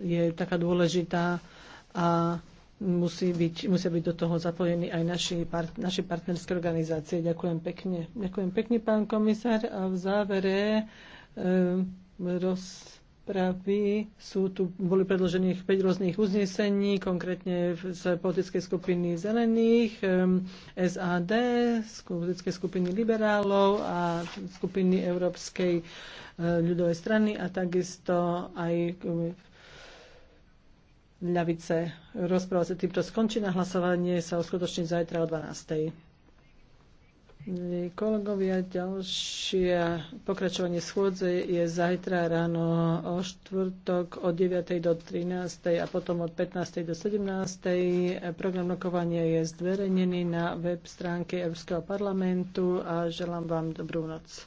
je taká dôležitá a musí byť, musia byť do toho zapojení aj naši, part, naši partnerské organizácie. Ďakujem pekne. Ďakujem pekne, pán komisár. A v závere e, roz, dopravy sú tu, boli predložených 5 rôznych uznesení, konkrétne z politickej skupiny zelených, SAD, z politickej skupiny liberálov a skupiny Európskej e, ľudovej strany a takisto aj e, ľavice. Rozpráva sa týmto skončí na hlasovanie sa uskutoční zajtra o 12. Kolegovia, ďalšie pokračovanie schôdze je zajtra ráno o štvrtok od 9. do 13. a potom od 15. do 17. Program rokovania je zverejnený na web stránke Európskeho parlamentu a želám vám dobrú noc.